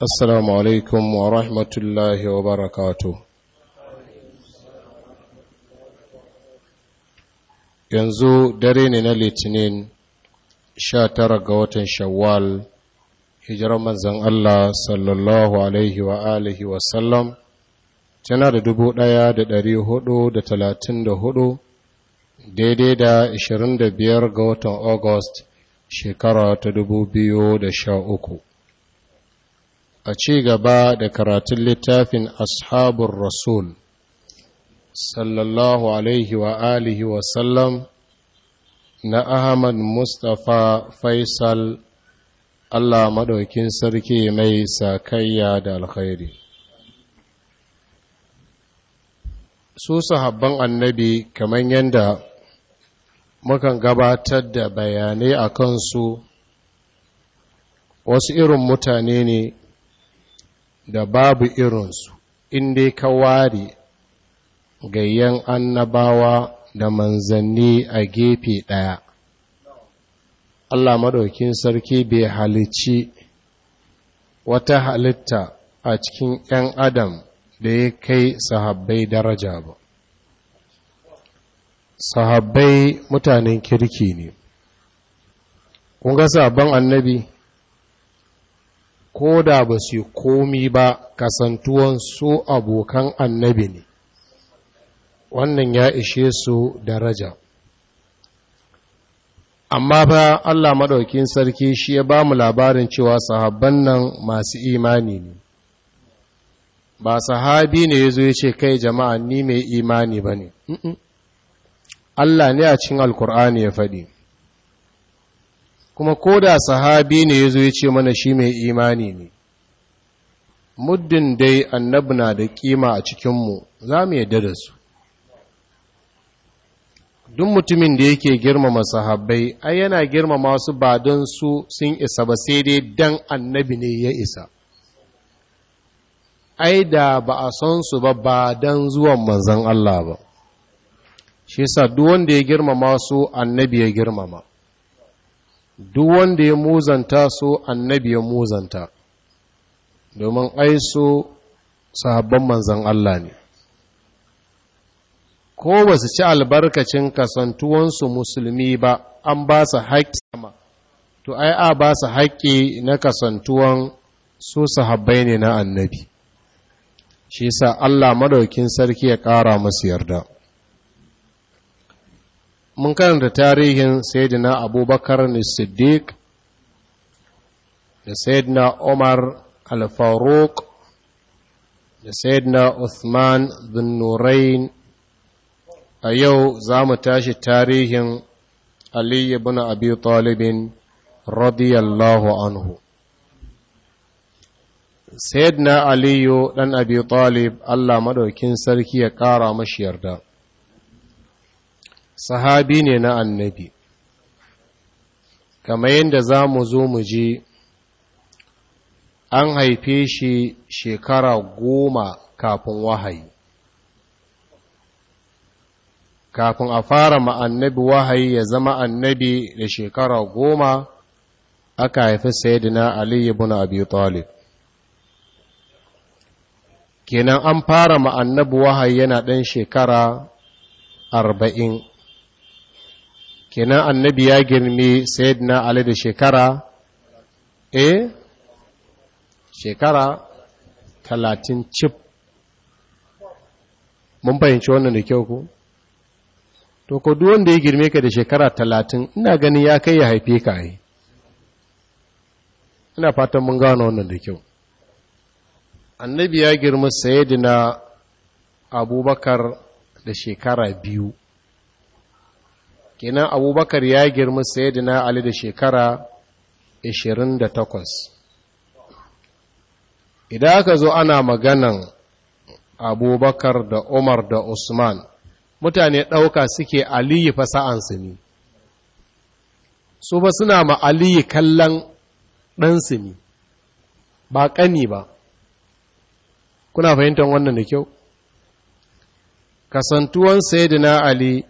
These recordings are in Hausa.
Assalamu alaikum wa rahmatullahi wa barakatu. Yanzu dare ne na Litinin sha tara ga watan Shawwal, hijirar manzan Allah sallallahu Alaihi wa alihi tana da dubu ɗaya da ɗari hudu da talatin da hudu, daidai da ashirin da biyar ga watan August shekara ta dubu biyu da sha uku. a ci gaba da karatun littafin ashabun rasul sallallahu alaihi wa alihi sallam na ahmad mustapha faisal allah maɗaukin sarki mai sakayya da alkhairi su sahabban annabi kamar yadda mukan gabatar da bayanai a kansu wasu irin mutane ne da babu irinsu inda ka ware gayyan annabawa da manzanni a gefe ɗaya Allah maɗaukin sarki bai halici wata halitta a cikin ‘yan adam da ya kai sahabbai daraja ba sahabbai mutanen kirki ne kun ga sabon annabi ko da ba su komi ba kasantuwan su abokan annabi ne wannan ya ishe su daraja amma ba Allah maɗaukin sarki shi ya ba mu labarin cewa sahabban nan masu imani ne ba sahabi ne ya zo ya ce kai jama'a ni mai imani ba ne Allah ne a cikin alkur'ani ya faɗi kuma ko da sahabi ne ya zo ya ce mana shi mai imani ne muddin dai annabi na da kima a cikinmu za mu yadda da su duk mutumin da yake girmama sahabbai ai yana girmama su ba don su sun isa ba sai dai dan annabi ne ya isa ai da ba a son su ba ba don zuwan manzan Allah ba shi sa duk wanda ya girmama su annabi ya girmama duk wanda ya muzanta su annabi ya muzanta domin ai so sahabban manzan Allah ne ko ba su ci albarkacin kasantuwansu musulmi ba an ba su haƙƙi sama to ai a ba su haƙƙi na kasantuwan su sahabbai ne na annabi shi sa Allah madaukin sarki ya ƙara masu yarda mun karanta tarihin sayyidina abubakar ne siddiq da sayyidina umar al-faruq da sayyidina uthman bin nurain a yau za mu tashi tarihin aliyu ibn abi talibin radiyallahu anhu sayyidina aliyu dan abi talib allah maɗaukin sarki ya ƙara mashi yarda sahabi ne na annabi kamar yadda za mu zo mu je an haife shi shekara goma kafin wahayi kafin a fara ma'annabi wahayi ya zama annabi da shekara goma aka haifi sayidina Aliyu buna abu talib kenan an fara ma'annabi wahayi yana ɗan shekara arba'in kenan annabi ya girmi sayyidina ali da shekara e shekara talatin cif mun fahimci wannan da kyau ku to ko duk wanda ya girme ka da shekara talatin ina ganin ya kai ya haife ka yi ina fatan mun gano wannan da kyau annabi ya girma sayyidina abubakar da shekara biyu kenan abubakar ya girma sayyidina ali da shekara 28 idan aka zo ana maganan abubakar da umar da usman mutane ɗauka suke aliyu fasa'ansu ne su ba suna ma aliyu kallon ɗansu ne ba ƙani ba kuna fahimtar wannan da kyau kasantuwan sayidina ali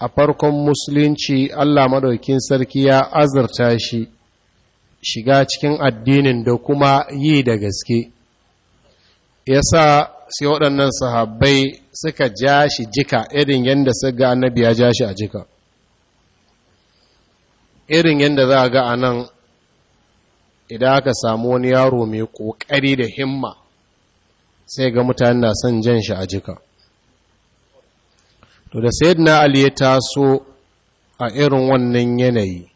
a farkon musulunci Allah maɗaukin sarki ya azurta shi shiga cikin addinin da kuma yi da gaske yasa sai waɗannan sahabbai suka ja shi jika irin yadda su ga annabi ya ja shi a jika irin yadda za a ga a nan idan aka samu wani yaro mai ƙoƙari da himma sai ga mutane na son jan shi a jika to da sayyidina ali ya taso a irin wannan yanayi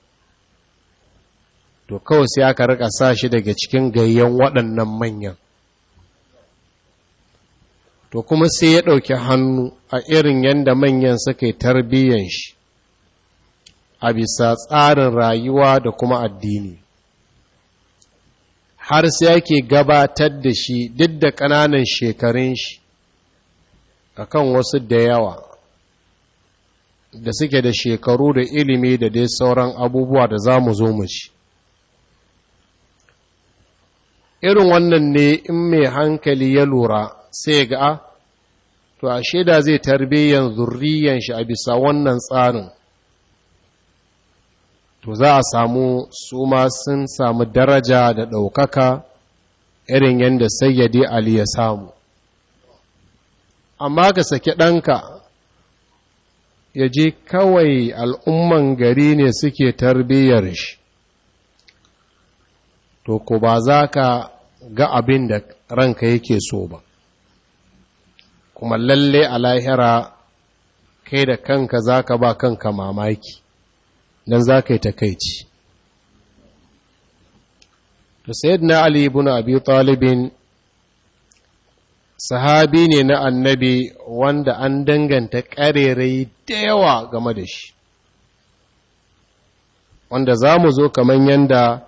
to kawai sai aka rika sa shi daga cikin gayyan waɗannan manyan to kuma sai ya ɗauki hannu a irin yadda manyan suka yi tarbiyyan shi a bisa tsarin rayuwa da kuma addini har sai yake gabatar da shi duk da ƙananan shekarun shi a kan wasu da yawa da suke da shekaru da ilimi da dai sauran abubuwa da za mu zo mu ci irin wannan ne in mai hankali ya lura sai ga ah, to a shaida zai tarbiyyan zurriyan shi a bisa wannan tsarin to za a samu su ma sun samu daraja da ɗaukaka irin yadda sayyadi ali ya samu amma ka saki ɗanka ya je kawai al'umman gari ne suke tarbiyyar shi to ko ba za ka ga abin da ranka yake so ba kuma lalle a lahira kai da kanka za ka ba kanka mamaki don za ka yi takaici to na ali ibn abi talibin sahabi ne na annabi wanda an danganta ƙarerai da yawa game da shi wanda za mu zo kamar yadda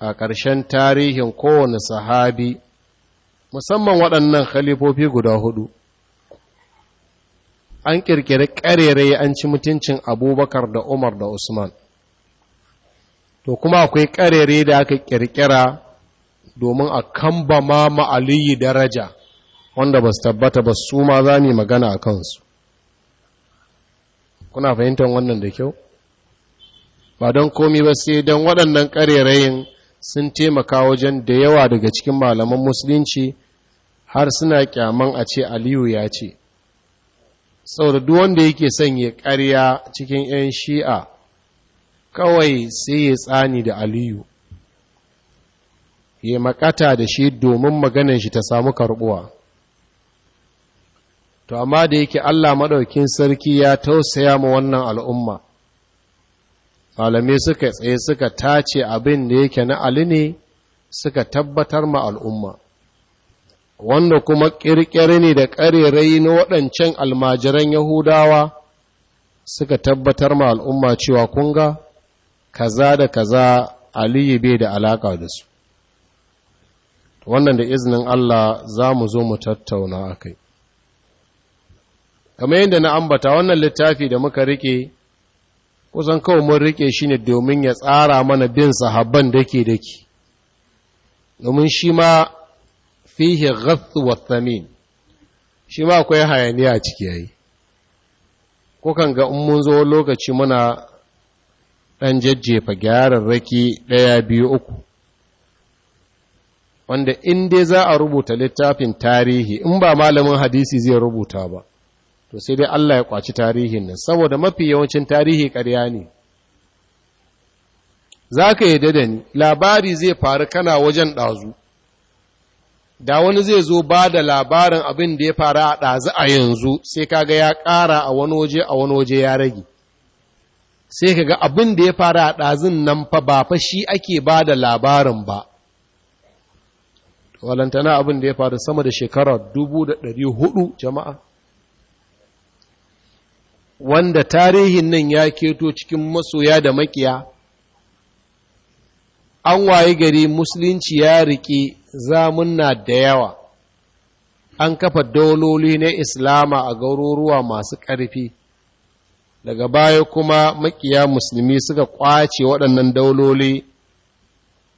a ƙarshen tarihin kowane sahabi musamman waɗannan khalifofi guda hudu an ƙirƙiri ƙarerai an ci mutuncin abubakar da umar da usman to kuma akwai ƙarerai da aka ƙirƙira domin a kamba ma ma'aliyi daraja wanda ba su tabbata ba su ma za mu magana a kansu kuna fahimtar wannan da kyau ba don komi ba sai don waɗannan ƙarerayin sun taimaka wajen da yawa daga cikin malaman musulunci har suna kyaman a ce aliyu ya ce saboda duk wanda yake son ya ƙarya cikin 'yan shi'a kawai sai ya tsani da aliyu ya makata da shi domin maganin shi ta samu karbuwa to amma da yake Allah maɗaukin sarki ya tausaya ma wannan al'umma malamai suka tsaye suka tace abin da yake na ali ne suka tabbatar ma al'umma wanda kuma ƙirƙiri ne da ƙarerai na waɗancan almajiran yahudawa suka tabbatar ma al'umma cewa kunga kaza da kaza aliyu bai da alaƙa da su wannan da izinin Allah za mu zo mu tattauna a kai kamar yadda na ambata wannan littafi da muka rike kusan kawai mun rike shi ne domin ya tsara mana bin sahabban da ke domin shi ma fihe ghatsu wa tsamin shi ma akwai hayaniya a ciki yayi kukan ga in mun zo lokaci muna ɗan jajjefa raki ɗaya biyu uku wanda in dai za a rubuta littafin tarihi in ba malamin hadisi zai rubuta ba to sai dai Allah ya kwaci tarihin nan saboda mafi yawancin tarihi ƙarya ne za ka yi da ni labari zai faru kana wajen ɗazu da wani zai zo ba da labarin abin da ya faru a ɗazu a yanzu sai ka ga ya ƙara a wani waje a wani waje ya rage sai kaga abin da ya faru a ɗazun nan fa ba fa shi ake ba da labarin ba walantana abin da ya faru sama da shekarar hudu jama'a wanda tarihin nan ya keto cikin masoya da makiya an waye gari musulunci ya riƙe zamunna da yawa an kafa dololi na islama a garuruwa masu ƙarfi daga baya kuma makiya musulmi suka ƙwace waɗannan dauloli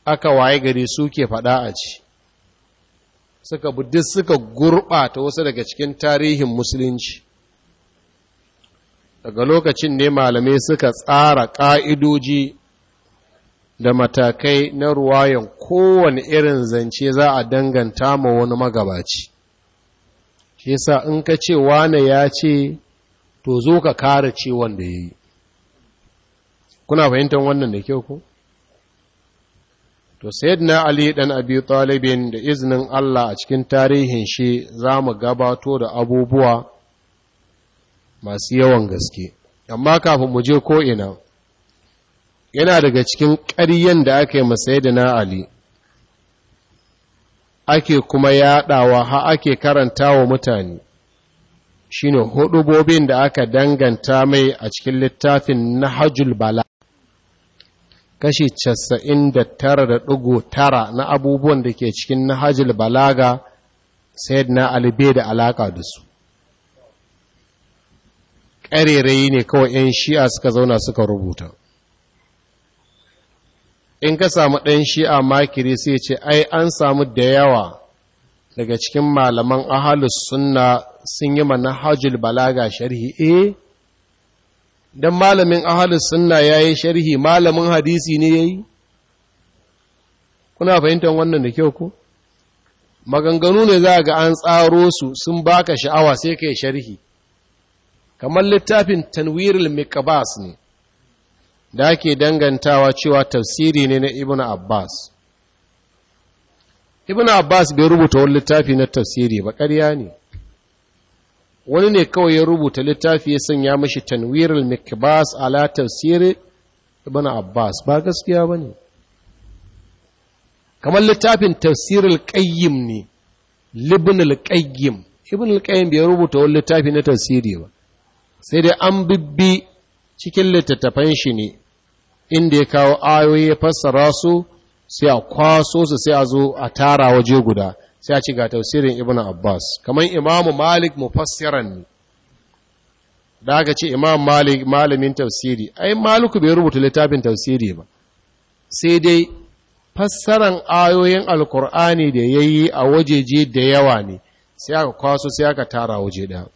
aka waye gari suke faɗa a ci suka duk suka gurɓata wasu daga cikin tarihin musulunci daga lokacin ne malamai suka tsara ƙa'idoji da matakai na ruwayan kowane irin zance za a danganta ma wani magabaci shi sa in ka ce wane ya ce to zo ka kare ce wanda ya yi kuna fahimtar wannan da kyau ku? to na ali dan abi talibin da izinin Allah a cikin tarihin shi za mu gabato da abubuwa masu yawan gaske amma kafin mu je ko ina yana daga cikin ƙaryen da aka yi masai da na ali ake kuma yaɗawa ha ake karanta wa mutane shine hudubobin da aka danganta mai a cikin littafin na hajjul bala kashi 99.9 na abubuwan da ke cikin na hajjul balaga na albe da alaƙa da su ƙarerayi ne kawai 'yan shi'a suka zauna suka rubuta in ka samu ɗan shi'a makiri sai ce ai an samu da yawa daga cikin malaman ahalus sunna sun yi mana hajjul balaga sharhi e eh, don malamin ahalus sunna ya yi sharhi malamin hadisi ne ya yi kuna fahimtar wannan da kyau ku maganganu ne za ga an tsaro su sun baka sha'awa sai ka yi sharhi kamar littafin tanwirul miqbas ne da ake dangantawa cewa tafsiri ne na ibn abbas ibn abbas bai rubuta wani littafi na tafsiri ba ƙarya ne wani ne kawai ya rubuta littafi ya sanya mashi tanwirul mikabas ala tafsiri ibn abbas ba gaskiya ba ne kamar littafin tafsirul qayyim ne al qayyim ibn al-qayyim bai rubuta wani littafi na tafsiri ba sai dai an bibbi cikin littattafan shi ne inda ya kawo ayoyi ya fassara su sai a kwaso su sai a zo a tara waje guda sai a ci ga tausirin ibn abbas kamar imamu malik mufassiran ne da aka ce imam malik malamin tafsiri ai maliku bai rubuta littafin tafsiri ba sai dai fassaran ayoyin alkur'ani da ya yi a wajeje da yawa ne sai aka kwaso sai aka tara waje ɗaya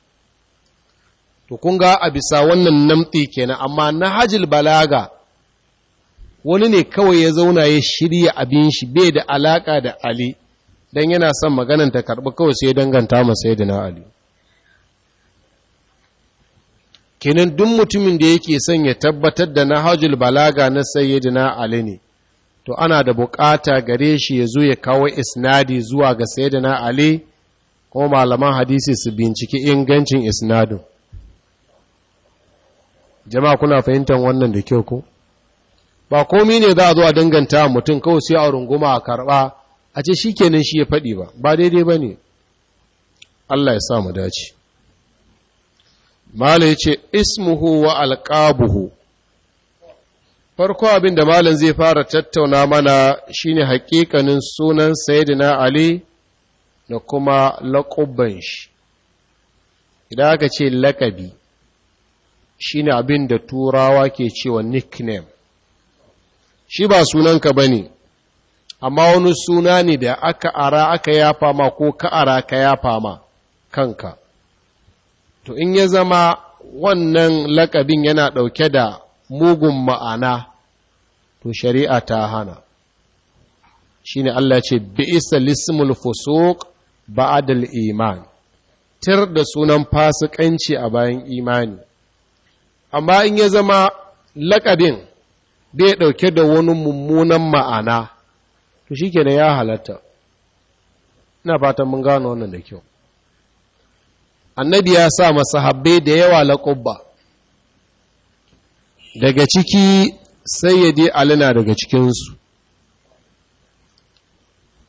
to kun a bisa wannan namtsi kenan amma na Hajil balaga wani ne kawai ya zauna ya shirya abin shi bai da alaka da ali dan yana son maganan ta karbi kawai sai danganta ma sayyidina ali kenan duk mutumin da yake son ya tabbatar da nahajul balaga na sayyidina ali ne to ana da bukata gare shi ya zo ya kawo isnadi zuwa ga sayyidina ali ko malaman hadisi su binciki ingancin isnadin jama'a kuna fahimtar wannan da kyau ko ba komi ne za a zo a danganta mutum kawai sai a runguma a karɓa a ce shi kenan shi ya faɗi ba ba daidai ba ne Allah ya sa mu dace Malam ya ce ismuhu wa alƙabuhu farko abin da Malam zai fara tattauna mana shine hakikanin sunan Sayyidina Ali da kuma laƙubban shi idan aka ce laƙabi Shin abin da turawa ke cewa nickname shi ba sunanka bane amma wani suna ne da aka ara aka yafa ma ko ka ara ka yafa ma kanka to in ya zama wannan lakabin yana ɗauke da mugun ma'ana to shari'a ta hana shi ne Allah ce bi'isa lismul fusuq ba'adal iman tir da sunan fasikanci a bayan imani amma in ya zama laƙabin bai ɗauke da wani mummunan ma'ana to shi kenan ya halatta ina fatan mun gano wannan da kyau annabi ya sa masahabbai da yawa laƙubba daga ciki sai ya je alina daga cikinsu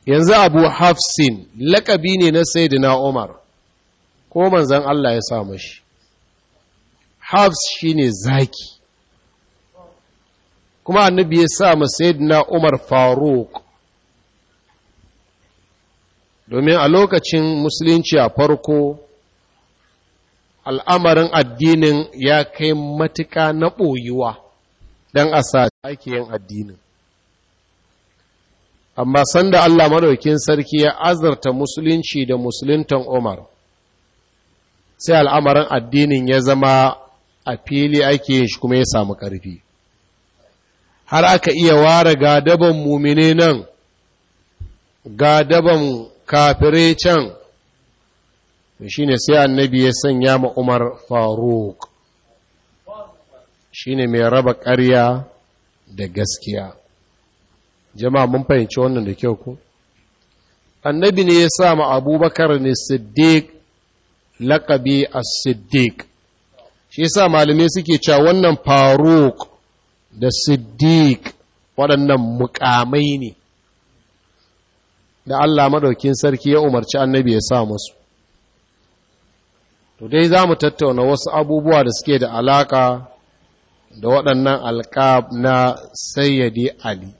yanzu abu hafsin laƙabi ne na sayyidina umar ko manzan Allah ya sa mashi hafs shine zaki kuma annabi ya sa ma na umar faruk domin a lokacin musulunci a farko al'amarin addinin ya kai matuka na ɓoyuwa don a sa ake yin addinin amma sanda Allah maɗaukin sarki ya azarta musulunci da musuluntan Umar sai al'amarin addinin ya zama a fili ake yin shi kuma ya samu ƙarfi har aka iya ware gadaban mumine nan gadaban kafire can shi ne sai annabi ya sanya ma umar faruk shi ne mai raba ƙarya da gaskiya jama'a mun fahimci wannan da kyau ku annabi ne ya sa ma abubakar ne siddiq laƙabi a siddiq shi yasa malume suke cewa wannan faruk da siddiq waɗannan mukamai ne da Allah maɗaukin sarki ya umarci annabi ya sa musu to dai za mu tattauna wasu abubuwa da suke da alaƙa da waɗannan alƙab na sayyadi ali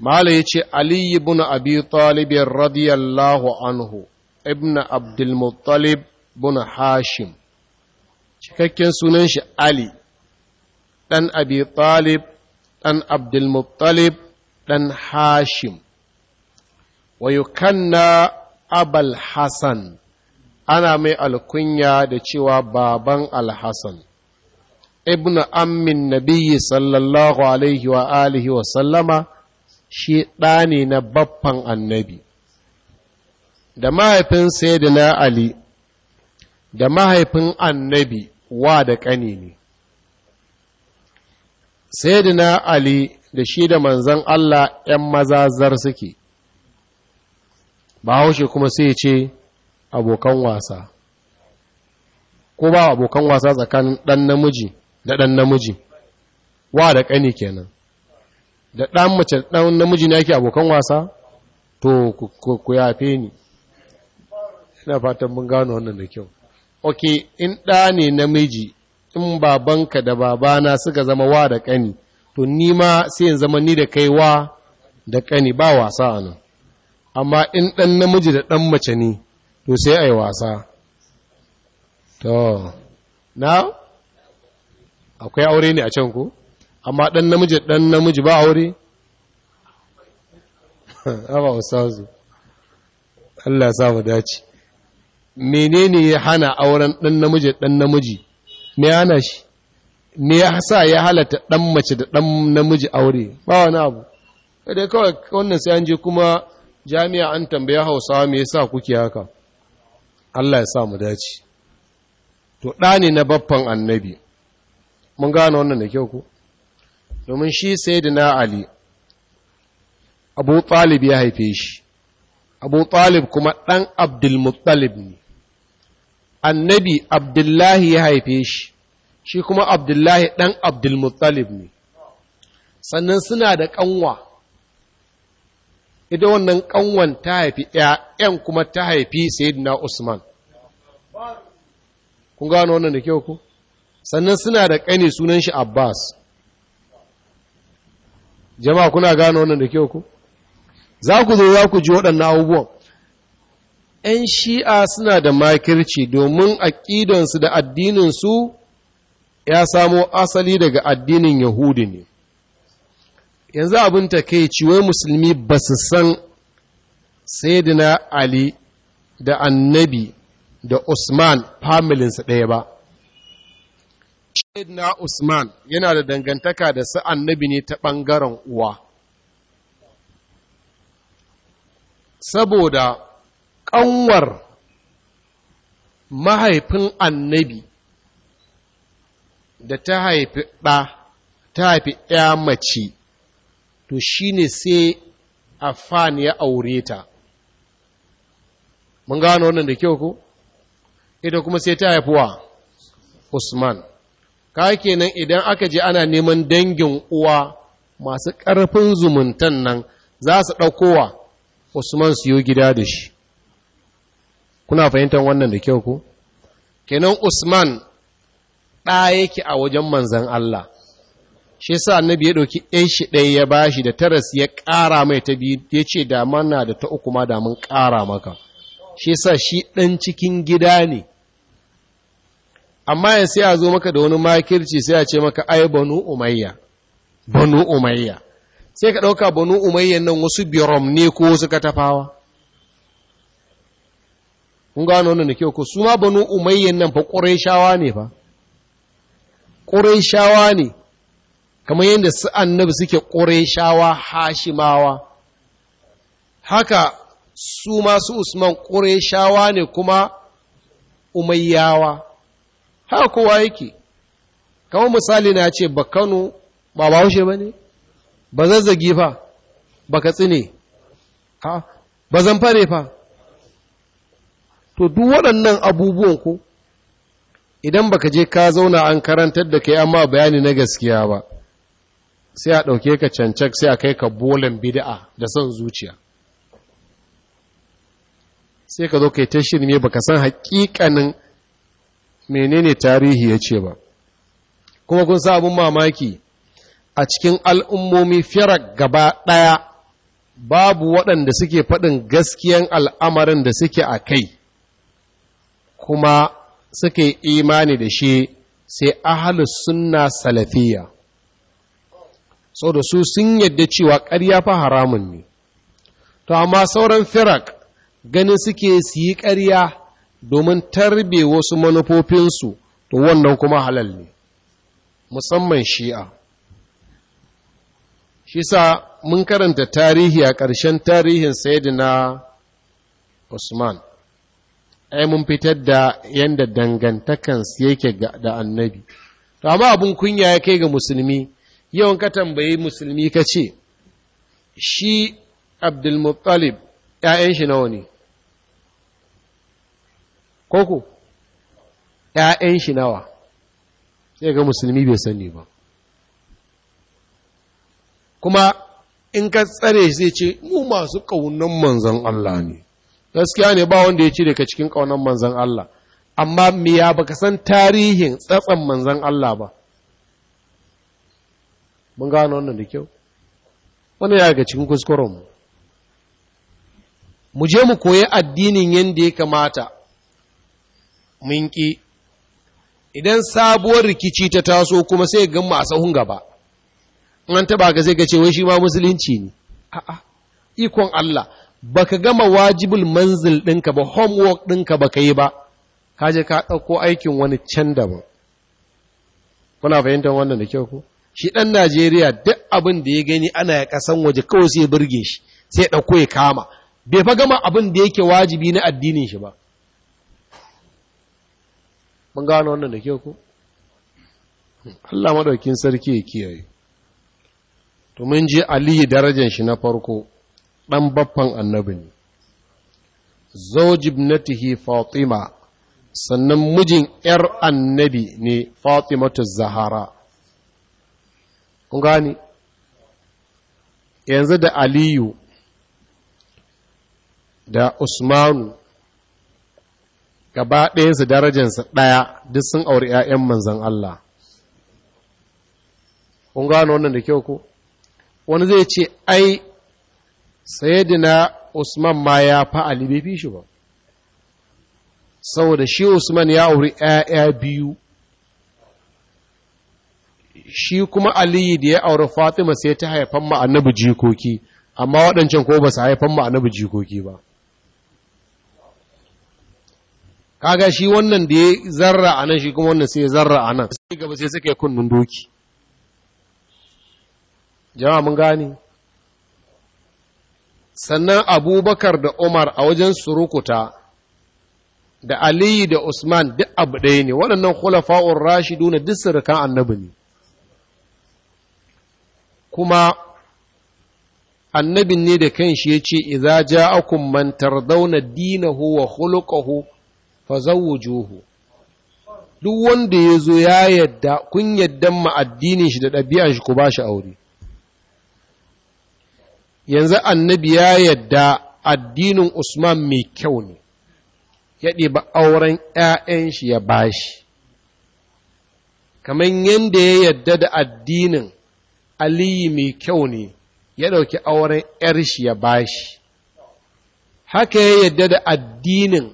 mala ya ce ali ibn abi talibin radiyallahu anhu ibn abdulmuttalib bin Hashim, cikakken sunan shi Ali, ɗan Abi Talib, ɗan Abdulmuttalib, ɗan Hashim, wa yukanna Abal Hassan, ana mai alkunya da cewa baban Alhassan. Ibn ammin nabiyyi sallallahu alaihi wa alihi wa sallama shi ɗa ne na baffan annabi, da mahaifin Sayyidina Ali da mahaifin annabi wa da ƙani ne sayyidina ali da shi da manzan Allah ‘yan mazazar suke ba haushe kuma sai ce abokan wasa ko ba abokan wasa tsakanin ɗan namiji da ɗan namiji wa da ƙani kenan da ɗan mace ɗan namiji ne yake abokan wasa to ku yafe ni ina fatan mun gano wannan da kyau ok in ɗa ne namiji in babanka da babana suka zama wa da ƙani to ni ma sai in zama ni da kai wa da ƙani ba wasa a nan amma in ɗan namiji da ɗan mace ne to sai a yi wasa to na akwai aure ne a can ku, amma ɗan namiji ɗan namiji ba aure awa wasu Allah ya samu dace menene ya hana auren ɗan namiji ɗan namiji me hana shi me ya sa ya halatta ɗan mace da ɗan namiji aure ba wani abu kada kawai wannan sai an je kuma jami'a an tambaya hausawa me yasa kuke haka Allah ya sa mu dace to ɗa ne na baffan annabi mun gane wannan da kyau ko domin shi sayyidina ali abu talib ya haife shi abu talib kuma ɗan abdulmuttalib ne annabi abdullahi ya haife shi shi kuma abdullahi ɗan abdulmuttalib ne sannan suna da ƙanwa ita wannan ƙanwan ta haifi ‘ya'yan kuma ta haifi sayyidina usman kun gano wannan da kyau ku sannan suna da ƙani sunan shi abbas jama'a kuna gano wannan da kyau ku za ku zo za ku ji waɗannan abubuwan ‘yan shi'a suna da makirci domin aƙidansu da addininsu ya samo asali daga addinin Yahudi ne. Yanzu abin takeici wai musulmi ba su san Sayyidina Ali da annabi da Usman familinsa ɗaya ba. Sayyidina Usman yana da dangantaka da su annabi ne ta ɓangaren uwa. Saboda ƙanwar mahaifin annabi da ta haifi ɗa ta haifi ɗaya mace to shi ne sai afan ya aure ta mun gano wannan da kyau ko ita kuma sai ta haifuwa usman ka kenan idan aka je ana neman dangin uwa masu ƙarfin zumuntan nan za su ɗaukowa usman su yi gida da shi kuna fahimtar wannan da kyau ku kenan usman ɗa yake a wajen manzan Allah shi sa annabi ya ɗauki ɗan shi ɗaya ya bashi da taras ya ƙara mai ta biyu ya ce da mana da ta uku ma da mun ƙara maka shi sa shi ɗan cikin gida ne amma yanzu sai zo maka da wani makirci sai ya ce maka ai banu umayya banu umayya sai ka ɗauka banu umayyan nan wasu biram ne ko wasu katafawa kun gano wannan da kyau ko su ma banu umayyan nan fa qurayshawa ne fa qurayshawa ne kamar yadda su annabi suke qurayshawa hashimawa haka su ma su usman qurayshawa ne kuma umayyawa haka kowa yake kamar misali na ce ba Kano ba ba ne ba zazzagi fa ba Katsine ha ba fare fa to duk waɗannan abubuwan ku, idan baka je ka zauna an karantar da kai amma bayani na gaskiya ba sai a ɗauke ka cancak sai a kai ka bolan bida'a da son zuciya sai ka zo kai ta shirme baka san haƙiƙanin menene tarihi ya ce ba kuma kun sa abin mamaki a cikin al'ummomi firar gaba ɗaya babu waɗanda suke faɗin gaskiyan al'amarin da suke a kai kuma suke imani da shi sai ahalus sunna salafiya sau da su sun yadda cewa ƙarya fa haramun ne to amma sauran firak ganin suke su yi ƙarya domin tarbe wasu manufofinsu to wannan kuma halal ne musamman shi'a shi sa mun karanta tarihi a ƙarshen tarihin sayidina usman ai mun fitar da yanda dangantakansu yake da annabi to amma abin kunya ya kai ga musulmi yawan ka tambayi musulmi ka ce shi abdulmuttalib ‘ya'yan shi nawa ne koko ‘ya'yan shi nawa sai ga musulmi bai sani ba kuma in ka tsare zai ce mu masu ƙaunan manzan Allah ne gaskiya ne ba wanda ya ci daga cikin ƙaunar manzan Allah amma me ya ka san tarihin tsatsan manzan Allah ba mun gano wannan da kyau Wani ya ga cikin kuskurenmu mu je mu koyi addinin yadda ya kamata mun ƙi idan sabuwar rikici ta taso kuma sai gan mu a sahun gaba an taɓa ga zai ga cewa shi ma musulunci ne a'a ikon Allah baka gama wajibul manzil ɗinka ba homework ɗinka ka yi ba ka je ka ɗauko aikin wani can daban kuna fahimtar wannan da kyau ko shi ɗan Najeriya duk abin da ya gani ana ya ƙasan waje kawai sai burge shi sai ɗauko ya kama bai fa gama abin da yake wajibi na addinin shi ba mun gano wannan da kyau ko Allah madaukin sarki ya kiyaye to mun je aliyu darajar shi na farko ɗan baffan annabi ne zaujibnatihi fatima sannan mijin ‘yar annabi ne fatimatu zahara kun gani yanzu da aliyu da usmanu gaba ɗayansu darajansa ɗaya duk sun auri ‘ya'yan manzan Allah kun gano wannan da kyau ko wani zai ce ai sayyidina Usman ma ya fa Ali bai fi shi ba saboda shi Usman ya auri ‘ya'ya biyu shi kuma Aliyu da ya auri Fatima sai ta haifan ma annabi jikoki amma waɗancan ko ba su haifan ma annabi jikoki ba kaga shi wannan da ya zarra a nan shi kuma wannan sai ya zarra a nan sai gaba sai suke kunnun doki jama'a mun gani sannan abubakar da umar a wajen surukuta da aliyu da usman duk abu ɗaya ne waɗannan khulafa'ur rashidu na duk surukan annabi ne kuma annabin ne da kanshi ya ce iza ja man tardawna dinahu wa khuluquhu fazawwijuhu duk wanda ya zo ya yadda kun yaddan ma addinin shi da ɗabi'ar shi ku ba shi aure yanzu annabi ya yadda addinin usman mai kyau ne ya ɗiba auren 'ya'yan shi ya bashi kamar yadda ya yadda da addinin aliyu mai kyau ne ya ɗauki auren 'yar shi ya bashi haka ya yadda da addinin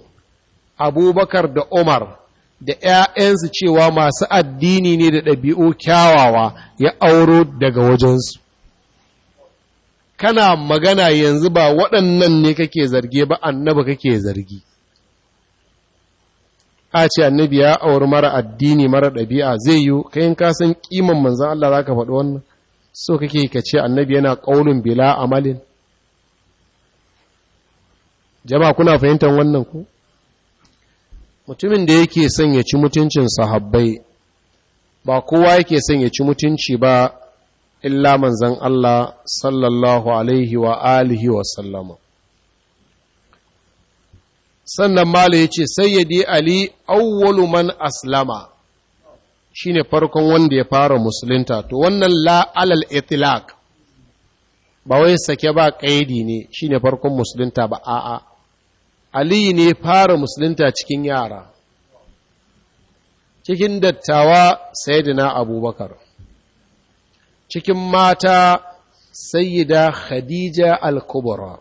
abubakar da umar da ‘ya'yansu cewa masu addini ne da ɗabi'u kyawawa ya auro daga wajensu. kana magana yanzu ba waɗannan ne kake zarge ba annaba kake zargi a ce annabi ya auri mara addini mara ɗabi'a zai yi ka yin kasan ƙiman manzan Allah za ka faɗi wannan so kake ka ce annabi yana ƙaunin bila amalin jama kuna fahimtar wannan ku mutumin da yake son ya ci mutuncin sahabbai ba kowa yake son ya ci mutunci ba illa manzan Allah sallallahu alaihi wa alihi wa sallama sannan mala ya ce sayyadi ali awwalu man aslama ne farkon wanda ya fara musulunta to wannan la alal itlaq ba wai sake ba ƙaidi ne Shi ne farkon musulunta ba a'a ali ne fara musulunta cikin yara cikin dattawa sayyidina abubakar cikin mata sayyida khadija al-kubra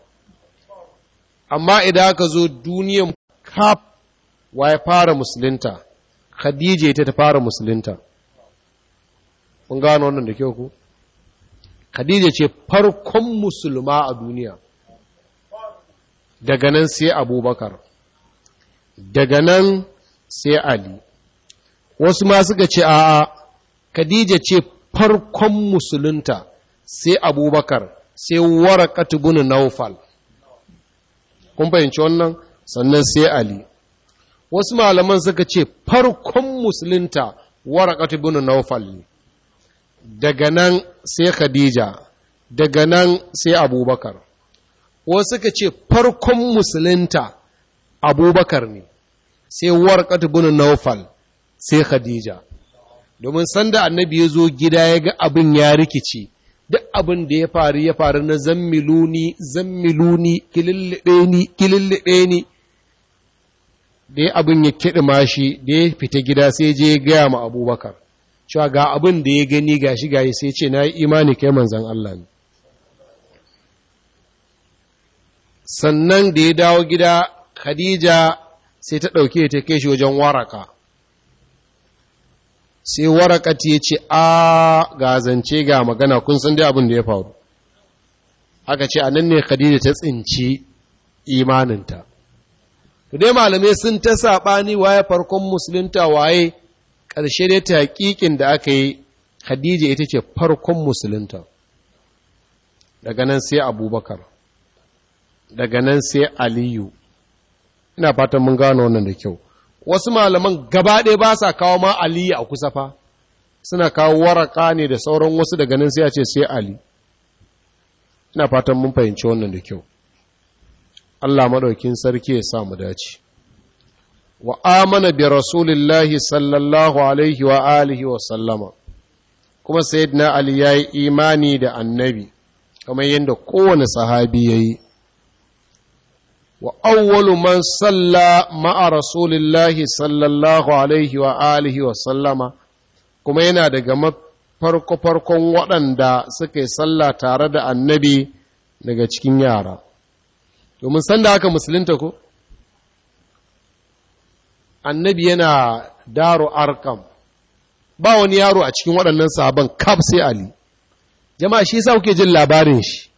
amma idan aka zo duniyan kaf ya fara musulunta khadija ita ta fara musulunta kun gano wannan da kyau ku khadija ce farkon musulma a duniya daga nan sai abubakar daga nan sai ali wasu ma suka ce a'a khadija ce farkon musulunta sai abubakar sai warakatu bunu naufal kun fahimci wannan sannan sai ali wasu malaman suka ce farkon musulunta warakatu bunu naufal ne daga nan sai khadija daga nan sai abubakar wasu suka ce farkon musulunta abubakar ne sai warakatu bunu naufal sai khadija domin sanda annabi ya zo gida ya ga abin ya rikici duk abin da ya faru ya faru na zammiluni zammiluni kililliɗe ni kililliɗe ni da ya abin ya kiɗi mashi da ya fita gida sai je ya gaya ma abubakar cewa ga abin da ya gani ga shi sai ce na yi imani kai manzan Allah ne sannan da ya dawo gida khadija sai ta ɗauke ta kai shi wajen waraka sai warakati ya ce a ga zance ga magana kun san dai abin da ya faru aka ce a nan ne khadija ta tsinci imaninta to dai malamai sun ta saɓani waye farkon musulunta waye ƙarshe dai ta hakikin da aka yi khadija ita ce farkon musulunta daga nan sai abubakar daga nan sai aliyu ina fatan mun gano wannan da kyau wasu malaman gaba ɗaya ba sa kawo ma Aliyu a kusa fa suna kawo waraka ne da sauran wasu daga nan sai a ce sai ali ina fatan mun fahimci wannan da kyau Allah maɗaukin sarki ya sa mu dace wa amana bi rasulillahi sallallahu alaihi wa alihi wa sallama kuma sayyidina ali yayi imani da annabi kamar yadda kowane sahabi ya yi. wa awwalu man salla ma'a rasulillahi sallallahu alaihi wa wa sallama kuma yana daga farko farkon waɗanda suka yi salla tare da annabi daga cikin yara domin san da musulunta ko annabi yana daro arkam ba wani yaro a cikin waɗannan sabon kaf sai ali jama'a shi yasa kuke jin labarin shi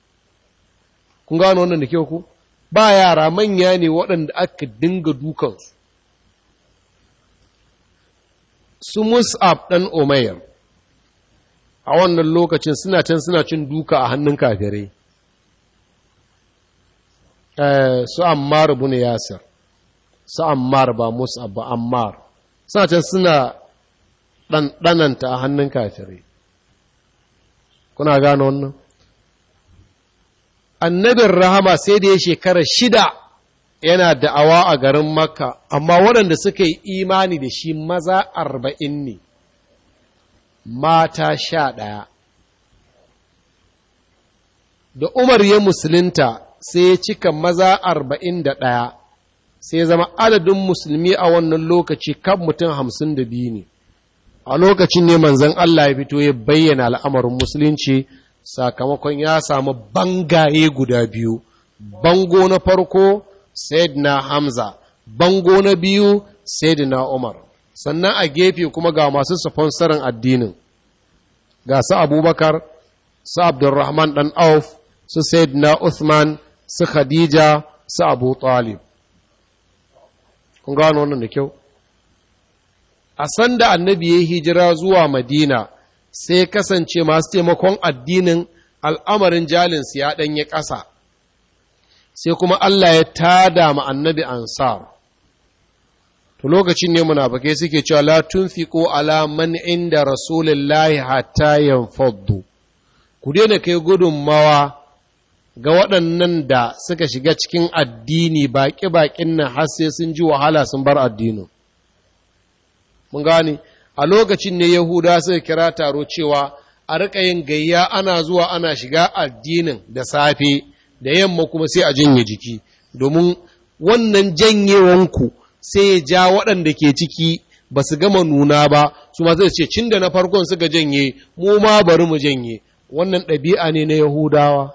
kun gano wannan da kyau ku ba yara manya ne waɗanda aka dinga dukansu su mus'ab ɗan umayyar a wannan lokacin suna can suna cin duka a hannun kafirai eh, su ammar bin yasir su ammar ba mus'ab ba ammar suna can suna ɗanɗananta a hannun kafirai kuna gano wannan annabin rahama sai da ya shekara shida yana da'awa a garin makka amma waɗanda suka yi imani da shi maza arba'in ne mata sha ɗaya da umar ya musulunta sai ya cika maza arba'in da ɗaya sai ya zama adadin musulmi a wannan lokaci kan mutum hamsin da biyu ne a lokacin ne manzan Allah ya fito ya bayyana al'amarin musulunci sakamakon ya samu bangaye guda biyu bango na farko sayyidina hamza bango na biyu sayyidina umar sannan a gefe kuma ga masu sponsorin addinin ga su abubakar su abdurrahman dan auf su sayyidina uthman su khadija su abu talib kun gano wannan da kyau a sanda annabi ya hijira zuwa madina sai kasance masu taimakon addinin al'amarin jalinsu ya ɗanye ƙasa sai kuma Allah ya tada ma annabi ansar to lokacin ne munafikai suke cewa la tunfiqu ala alaman inda hata hatta yanfaddu ku daina kai gudunmawa ga waɗannan da suka shiga cikin addini baƙi-baƙin nan har sai sun ji wahala sun bar addinin mun gane a lokacin ne yahuda suka kira taro cewa a riƙa yin gayya ana zuwa ana shiga addinin da safe da yamma kuma sai a janye jiki domin wannan janyewanku sai ya ja waɗanda ke ciki ba su gama nuna ba su ma zai ce cin da na farkon suka janye mu ma bari mu janye wannan ɗabi'a ne na yahudawa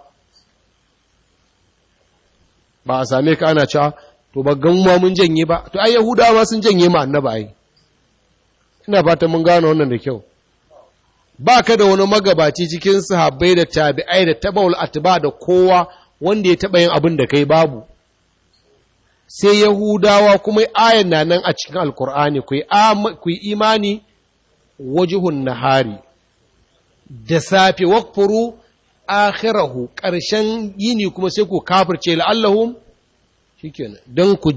ba a same ka ana cewa to ba gan mun janye ba to ai yahudawa sun janye ma annaba ai ina fata mun gano wannan da kyau ba ka da wani magabaci cikin sahabbai da tabi'ai da tabawul atba da kowa wanda ya taba yin abin da kai babu sai yahudawa kuma ayan na nan a cikin alkur'ani ku yi imani wajihun nahari da safe wakfuru akhirahu ƙarshen yini kuma sai ku kafirce la'allahum shikenan don ku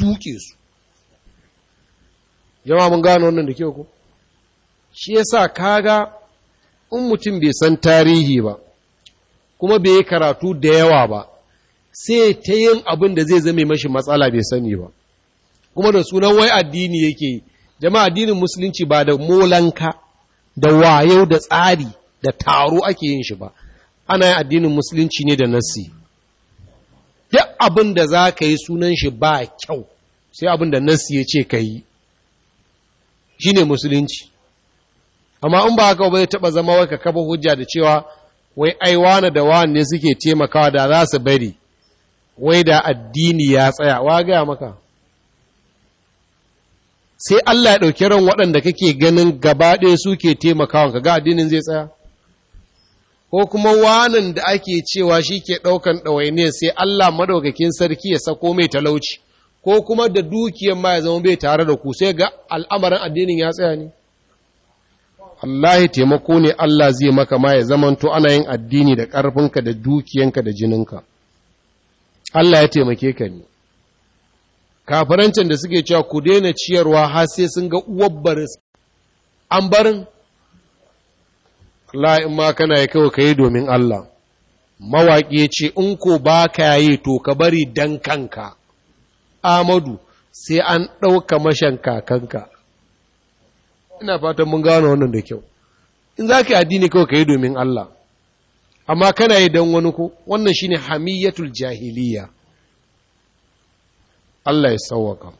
zuke su jama'a mun gano wannan da ke ku shi yasa kaga in mutum bai san tarihi ba kuma bai yi karatu da yawa ba sai ta yin abin da zai zame mashi matsala bai sani ba kuma da sunan wai addini yake yi jama'a addinin musulunci ba da molanka da wayo da tsari da taro ake yin shi ba ana yin addinin musulunci ne da nasi duk abin da za ka yi sunan shi ba kyau sai abin da nasi ya ce ka yi ne musulunci amma in ba haka ba zai taba zama wai ka kafa hujja da cewa wai ai da wa ne suke taimakawa da za su bari wai da addini ya tsaya wa gaya maka sai Allah ya ɗauki ran waɗanda kake ganin gaba ɗaya suke taimakawa ka ga addinin zai tsaya ko kuma wanan da ake cewa shi ke ɗaukan ɗawainiyar sai Allah madaukakin sarki ya sako mai talauci ko kuma da dukiyar ma ya zama bai tare da ku sai ga al'amarin addinin ya tsaya ne Allah taimako ne Allah zai maka ma ya zamanto ana yin addini da ƙarfinka da dukiyanka da jininka Allah ya taimake ka ne kafirancin da suke cewa ku daina ciyarwa har sai sun ga uwar baris an barin Allah in ma kana yi kawai ka yi domin Allah mawaƙi ce in ko ba ka yi to ka bari dan kanka amadu sai an ɗauka mashan kakanka ina fatan mun gano wannan da kyau in za ka yi addini kawai ka yi domin Allah amma kana yi don wani ko wannan shi ne hamiyatul jahiliya Allah ya sauwaka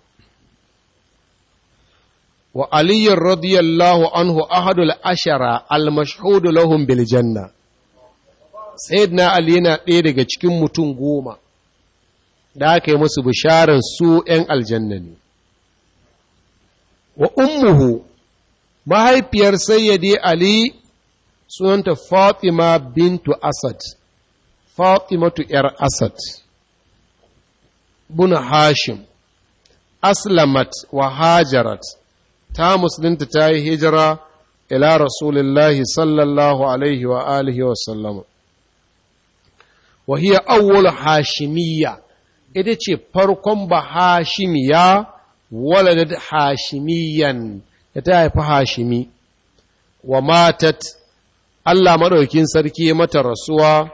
wa aliyyar radiyallahu anhu ahadul ashara al-mashhudu lahum bil janna sayyidina ali yana ɗaya daga cikin mutum goma da aka yi musu bisharar su ‘yan aljanna ne. Wa ummuhu mahaifiyar sayyade Ali sunanta Fatima bintu Asad, Fatimatu ‘yar Asad, buna Hashim, Aslamat wa Hajarat, ta musulunta ta yi hijira ila Rasulullahi sallallahu Alaihi wa alihi wa sallama. وهي أول حاشمية ita ce farkon ba hashimiya waladat hashimiyan da ta haifi hashimi wa matat Allah maɗaukin sarki mata rasuwa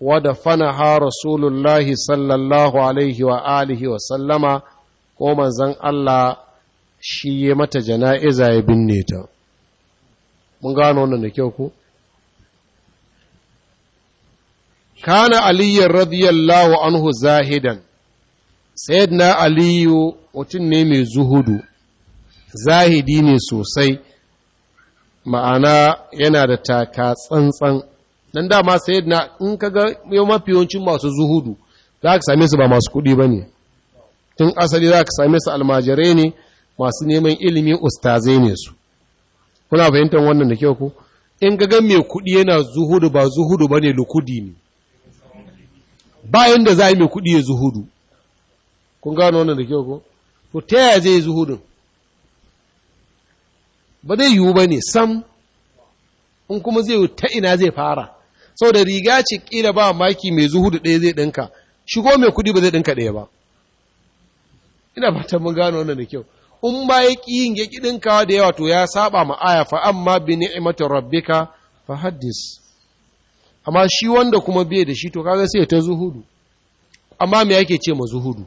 wa da ha rasulullahi sallallahu alaihi wa alihi wa sallama ko manzan Allah shi yi mata jana'iza ya binne ta. Mun gano wannan da kyau ku? Kana aliyyar radiyallahu anhu zahidan, sayyidina aliyu mutum ne mai zuhudu zahidi ne sosai ma'ana yana da taka tsantsan nan dama sayyidina in kaga yau mafi yawancin masu zuhudu za ka same su ba masu kuɗi ba ne tun asali za ka same su almajirai ne masu neman ilimin ustazai ne su kuna fahimtar wannan da kyau ku in ga mai kuɗi yana zuhudu ba zuhudu ba ne lukudi ne bayan da za a yi mai kuɗi ya zuhudu kun gano wannan da kyau ko to ta yaya zai din ba zai yiwu ba ne sam in kuma zai ta ina zai fara sau da riga ce kila ba maki mai zuhudu ɗaya zai ɗinka shigo mai kuɗi ba zai ɗinka ɗaya ba ina fatan mun gano wannan da kyau in ba ya ƙi yin ya ƙi ɗinkawa da yawa to ya saba ma aya fa amma bi ni'imati rabbika fa haddis amma shi wanda kuma bai da shi to kaga sai ta zuhudu amma me yake ce ma zuhudu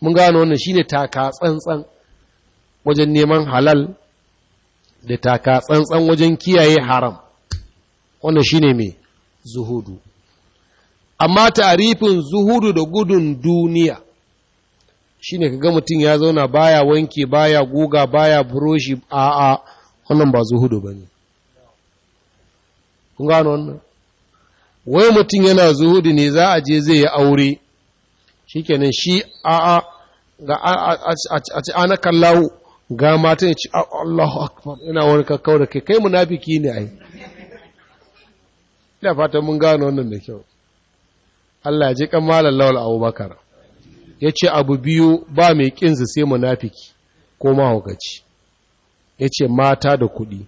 mun gano wannan shine taka tsantsan wajen neman halal da taka tsantsan wajen kiyaye haram wannan shine mai zuhudu amma tarifin zuhudu da gudun duniya shine kaga mutum ya zauna baya wanke baya guga baya buroshi a'a wannan ba zuhudu bane kun gano wannan wai mutum yana zuhudu ne za a je zai yi aure kenan shi a'a ga a ci ana kallawo ga mata ya ci Allahu akbar ina wani kakkau da kai kai munafiki ne ai ina fata mun gano wannan da kyau Allah ya ji kan malam lawal Abubakar ya ce abu biyu ba mai kinsu sai munafiki ko mahaukaci ya ce mata da kuɗi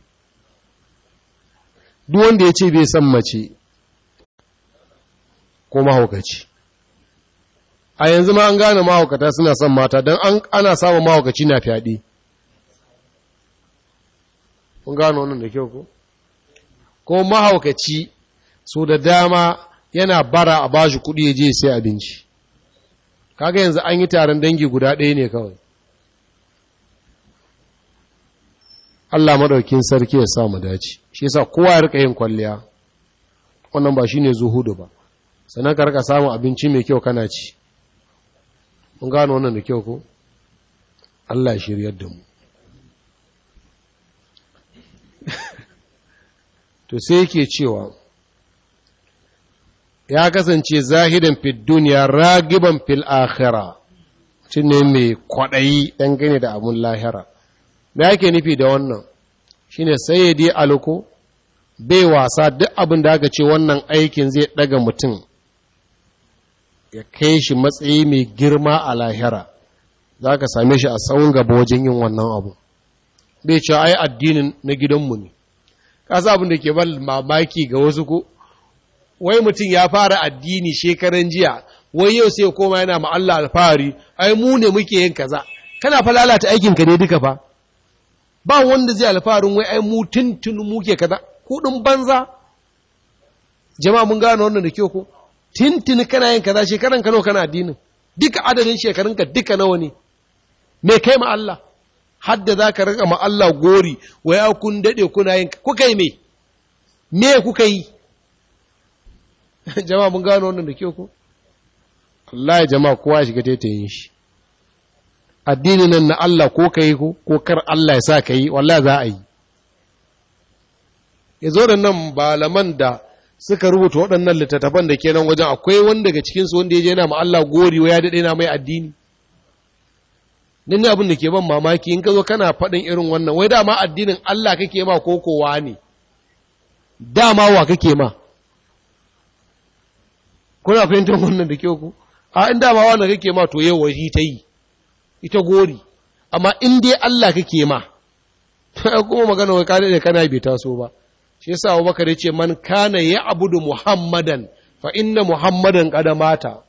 duk wanda ya ce bai san mace ko mahaukaci a yanzu ma an gane mahaukata suna son mata don ana samun mahaukaci na fyaɗe kun gano wannan da kyau ko ko mahaukaci so da dama yana bara a bashi kuɗi ya je sai abinci kaga yanzu an yi taron dangi guda ɗaya ne kawai Allah maɗaukin sarki ya sa mu dace shi yasa kowa ya rika yin kwalliya wannan ba shi ne zuhudu ba sannan ka rika samun abinci mai kyau kana ci mun gano wannan da kyau ko Allah ya shiryar da mu to sai yake cewa ya kasance zahidan fid duniya ragiban fil akhirah tun ne mai kwaɗayi dangane da abun lahira me yake nufi da wannan shine sayyidi aluko bai wasa duk abin da aka ce wannan aikin zai ɗaga mutum ya kai shi matsayi mai girma a lahira za ka same shi a tsawon gaba wajen yin wannan abu bai ce ai addinin na gidanmu ne kasa abin da ke ban mamaki ga wasu ko wai mutum ya fara addini shekaran jiya wai yau sai koma yana ma alfahari ai mu ne muke yin kaza kana fa lalata aikin ka ne duka fa ba wanda zai alfaharin wai ai mu tuntun muke kaza kudin banza jama'a mun gane wannan da kyau ko tintini kana yin kaza shekaran ka nawa kana addinin duka adadin shekarun ka duka nawa ne me kai ma Allah hadda za ka ma Allah gori wa ya kun dade kuna yin kuka yi me me kuka yi jama'a mun gano wannan da ke ku Allah jama'a kowa shiga yin shi addini nan na Allah ko ka yi ko kar Allah ya sa ka yi wallah za a yi ya zo da nan balaman da suka rubuta waɗannan littattafan da kenan wajen akwai wani daga cikinsu wanda ya je yana Allah gori ya daɗe na mai addini nan abin da ke ban mamaki in ka zo kana faɗin irin wannan wai dama addinin Allah kake ma ko kowa ne dama wa kake ma kuna fahimtar wannan da kyau ku a in dama ka kake ma to yau wani ta yi ita gori amma in dai Allah kake ma kuma magana wai ka daɗe kana bai taso ba shi yasa Abubakar Bakar ce man kana ya abudu Muhammadan fa inna Muhammadan kada mata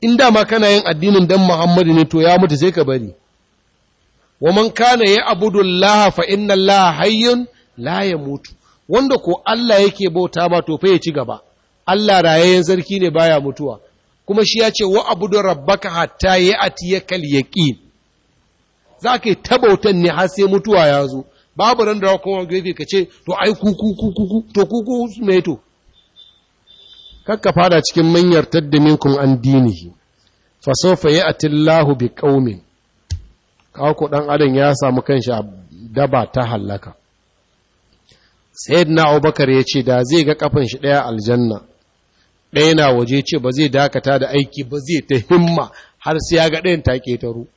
in ma kana yin addinin dan Muhammadu ne to ya mutu sai ka bari wa man kana ya abudu Allah fa inna Allah hayyun la yamutu wanda ko Allah yake bauta ma to fa ya ci gaba Allah rayayyen sarki ne baya mutuwa kuma shi ya ce wa abudu rabbaka hatta ya atiyakal yaqin za ka yi tabautan ne har sai mutuwa ya zo babu ran da kuma gefe ka ce to ai ku ku ku ku to ku ku mai to kakka fada cikin manyar tadda minkum an dinihi fa sawfa ya'ti Allahu bi qaumin kawo dan adam ya samu kanshi a daba ta halaka sayyidina Abubakar ya ce da zai ga kafin shi daya aljanna ɗaya na waje ce ba zai dakata da aiki ba zai ta himma har sai ya ga ɗayan ta ruwa.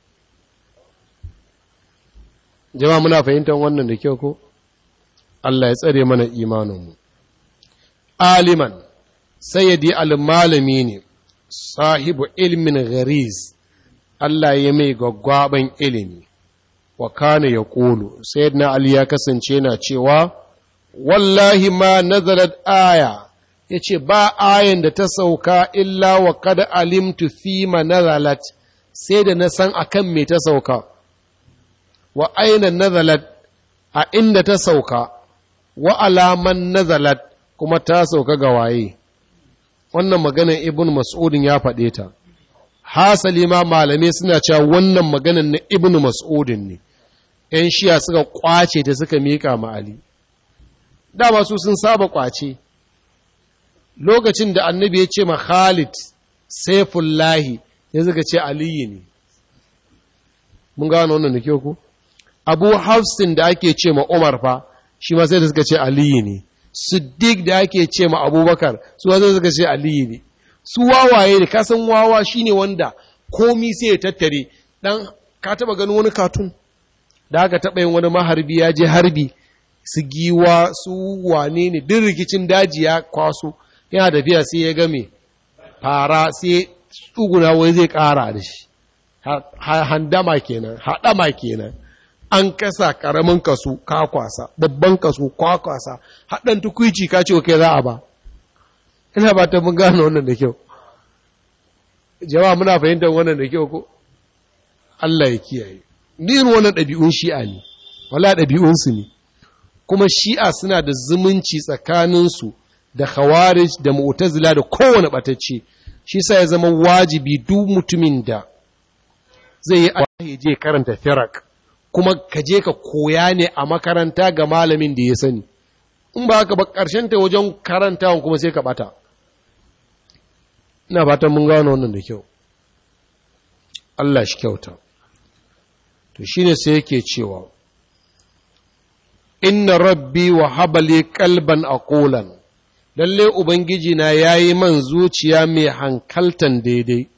jama muna fahimtar wannan da kyau ko Allah ya tsare mana imaninmu aliman sayyidi almalami ne sahibu ilmin ghariz Allah ya mai gaggaban ilimi wa kana ya kulu sayyidina ali ya kasance na cewa wallahi ma nazalat aya yace ba ayan da ta sauka illa wa kad alimtu fi ma nazalat sai da na san akan me ta sauka wa aina nazalat a inda ta sauka wa alaman nazalat kuma ta sauka ga waye wannan maganar ibn mas'udin ya faɗe ta hasali ma malamai suna cewa wannan maganar na ibn mas'udin ne ‘yan shiya suka kwace ta suka miƙa ma Ali dama su sun saba kwace lokacin da annabi ya ce ma Khalid Saifullahi ya zika ce Aliyu ne mun gano wannan da kyau ku? abu hafsin da ake ce ma umar fa shi ma sai da suka ce aliyu ne siddiq da ake ce ma abubakar su ma sai da suka ce aliyu ne su wawaye da kasan wawa shine wanda komi sai ya tattare ɗan ka taba ganin wani katun da aka taba yin wani maharbi ya je harbi su giwa su wane ne duk rikicin daji ya kwaso yana tafiya sai ya game fara sai tsuguna wai zai kara da shi handama kenan haɗama kenan an kasa karamin kasu kakwasa babban kaso ka kwasa haɗin tukuici ka ce oke za a ba ina ba ta mun gano wannan da kyau jama'a muna fahimtar wannan da kyau ko Allah ya kiyaye ni wannan ɗabi'un shi'a ne wala ɗabi'un su ne kuma shi'a suna da zumunci tsakaninsu da khawarij da mu'tazila da kowane batacce shi sa ya zama wajibi duk mutumin da zai yi ya je karanta firak kuma ka je ka koya ne a makaranta ga malamin da ya sani in ba haka ba ƙarshen ta wajen karantawan kuma sai ka bata ina fatan mun gano wannan da kyau Allah shi kyauta to shi ne sai yake cewa inna rabbi wa habali kalban aqulan lalle ubangiji na ya yi man zuciya mai hankaltan daidai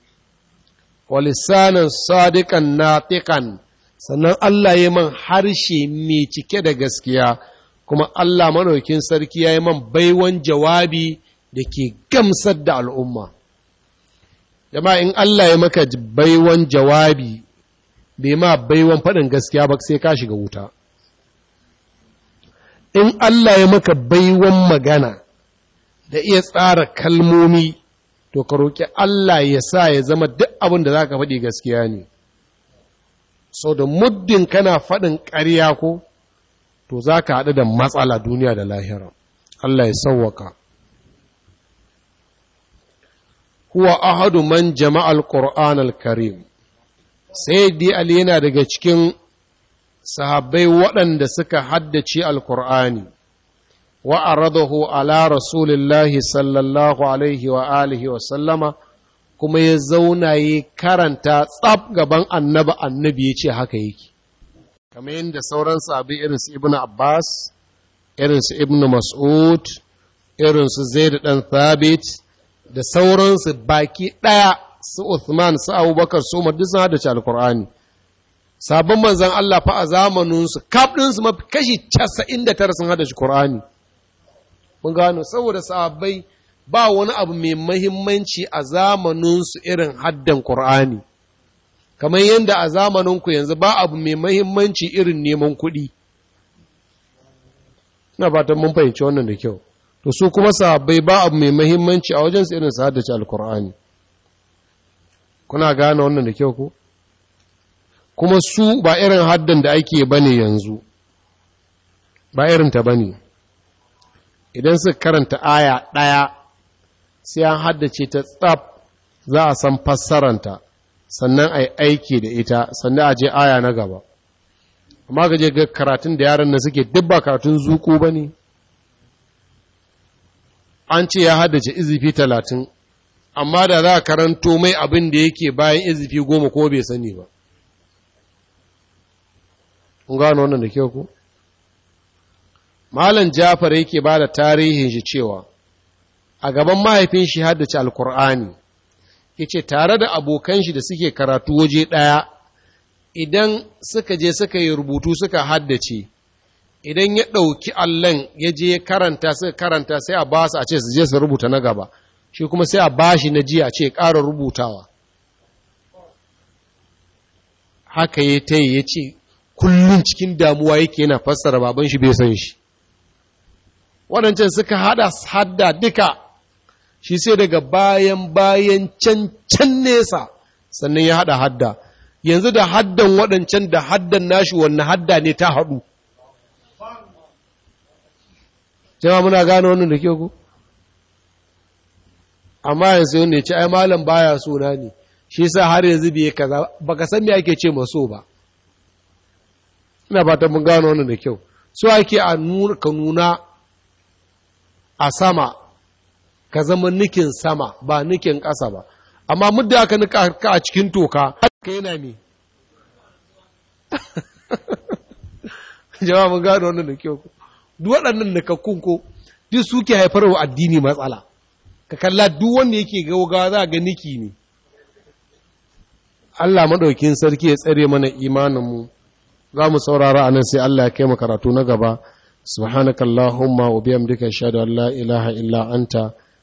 walisanin sadikan na natiqan sannan Allah ya man harshe mai cike da gaskiya kuma Allah manaukin sarki ya yi man baiwan jawabi da ke gamsar da al'umma jama'a in Allah ya maka baiwan jawabi bai ma baiwan faɗin gaskiya ba sai ka shiga wuta in Allah ya maka baiwan magana da iya tsara kalmomi to ka roƙi Allah ya sa ya zama duk abin da za ka faɗi gaskiya ne Sau da muddin kana faɗin ƙarya ko to za ka haɗu da matsala duniya da lahira Allah ya sauwaka huwa ahadu man jama'al ƙor'an al-karim sai di yana daga cikin sahabbai waɗanda suka haddace al ƙorani wa a ala rasulillahi sallallahu alaihi wa alihi wa sallama kuma ya zauna ya karanta tsab gaban annaba annabi ya ce haka yake kamar yadda sauran sabi irinsu ibn abbas irinsu ibn mas'ud irinsu zaid dan thabit da sauransu baki ɗaya su uthman su abubakar su umar duk sun shi alkur'ani sabon manzan Allah fa a zamaninsu kaɗinsu mafi kashi casa'in da tara sun hada shi Kur'ani. Mun gano, saboda sahabbai ba wani abu mai mahimmanci a zamaninsu irin haddan Kur'ani, kamar yadda a zamaninku yanzu ba abu mai mahimmanci irin neman kuɗi. Ina fatan mun fahimci wannan da kyau, to su kuma sahabbai ba abu mai mahimmanci a wajensu irin su haddace Alkur'ani. Kuna gane wannan da kyau ko? Kuma su ba irin haddan da ake bane yanzu, ba irin ta bane. Idan suka karanta aya ɗaya sai an haddace ta tsab za a san fassaranta sannan a aiki da ita sannan a je aya na gaba amma gaje ga karatun da yaran da suke duk ba karatun zuku ba ne an ce ya haddace izifi talatin amma da za a karanto mai abin da yake bayan izifi goma ko bai sani ba gano wannan da kyau ku malam jafar yake ba da tarihin shi cewa a gaban mahaifin shi haddace alkur'ani ce tare da abokan shi da suke karatu waje ɗaya idan suka je suka yi rubutu suka haddace idan ya ɗauki allon ya je ya karanta suka karanta sai a ba su a ce su je su rubuta na gaba shi kuma sai a ba shi na jiya ce ƙara rubutawa haka ya ta yi ya ce kullum cikin damuwa yake yana fassara baban shi bai san shi waɗancan suka hada hadda duka shi sai daga bayan bayan can can nesa sannan ya hada hadda yanzu da haddan waɗancan da haddan nashi wannan hadda ne ta haɗu jama muna gane wannan da ke ku amma yanzu yau ne ce ai malam baya suna ne shi sa har yanzu bai kaza ka san me ake ce maso ba ina fatan mun gano wannan da kyau Su ake a nuna ka nuna a sama ka zama nikin sama ba nikin ƙasa ba amma muddin aka nika a cikin toka ka yana ne jama'a mun gano wannan da kyau duk waɗannan ka ko duk suke haifar wa addini matsala ka kalla duk wanda yake gaugawa za ga niki ne Allah maɗaukin sarki ya tsare mana imaninmu za mu saurara a nan sai Allah ya kai mu karatu na gaba subhanakallahumma wa bihamdika ashhadu an la ilaha illa anta